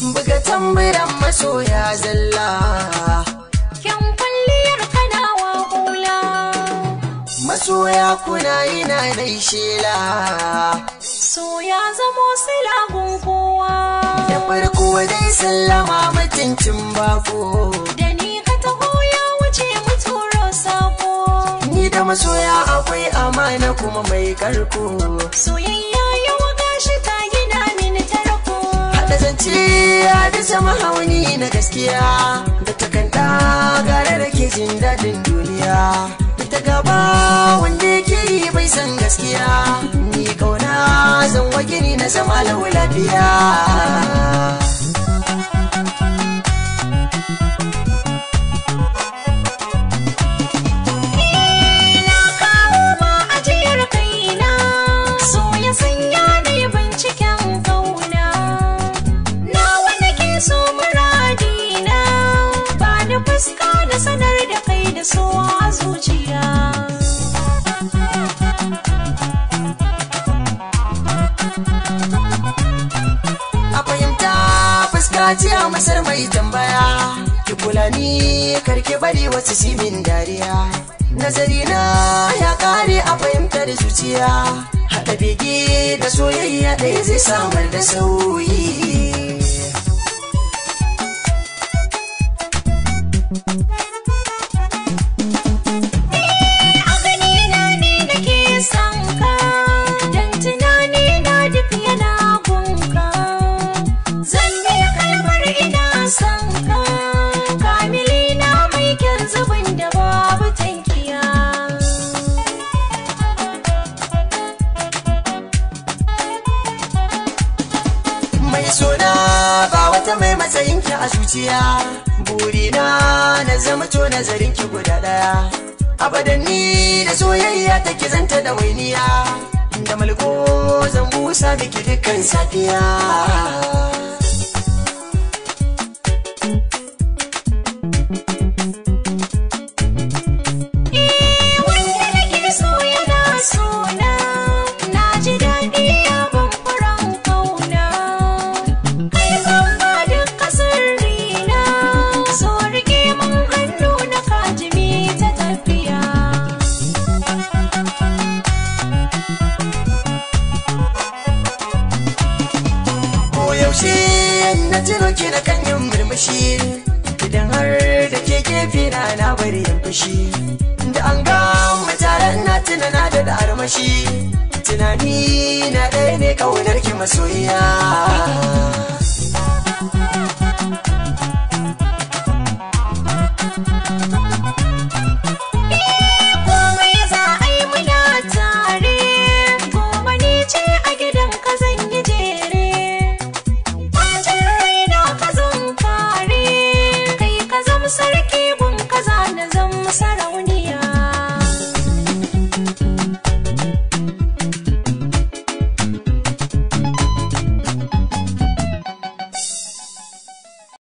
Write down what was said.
buga tamburan masoya zalla kyan kwalliyar kana wa kula masoya kuna yana dai shela so ya zamo silagun kowa da farko dai sallama mutuncin bako da ni ka taho ya wuce mu sako ni da masoya akwai amana kuma mai karko soyayya da zance ya bisa mahauni na gaskiya da takanta gare da ke jin daɗin duniya ta gaba wanda yake yi bai san gaskiya ni kauna zan wa gini na zama lau lafiya Fatiya masar mai tambaya ki kula ni karki bari wasu simin dariya nazari na ya kare a fahimtar zuciya haɗa bege da soyayya ɗaya zai samar da sauyi suna ba wata mai matsayin ki a zuciya burina na zama to nazarin ki guda ɗaya. abadan ni da soyayya take zanta da wainiya da mulko zan busa miki dukkan safiya na ciro ki na kan yin murmushi idan har da ke gefe na na bari yan fushi da an ga mu tare na tunana da da armashi tunani na ɗaya ne kaunar ki masoyiya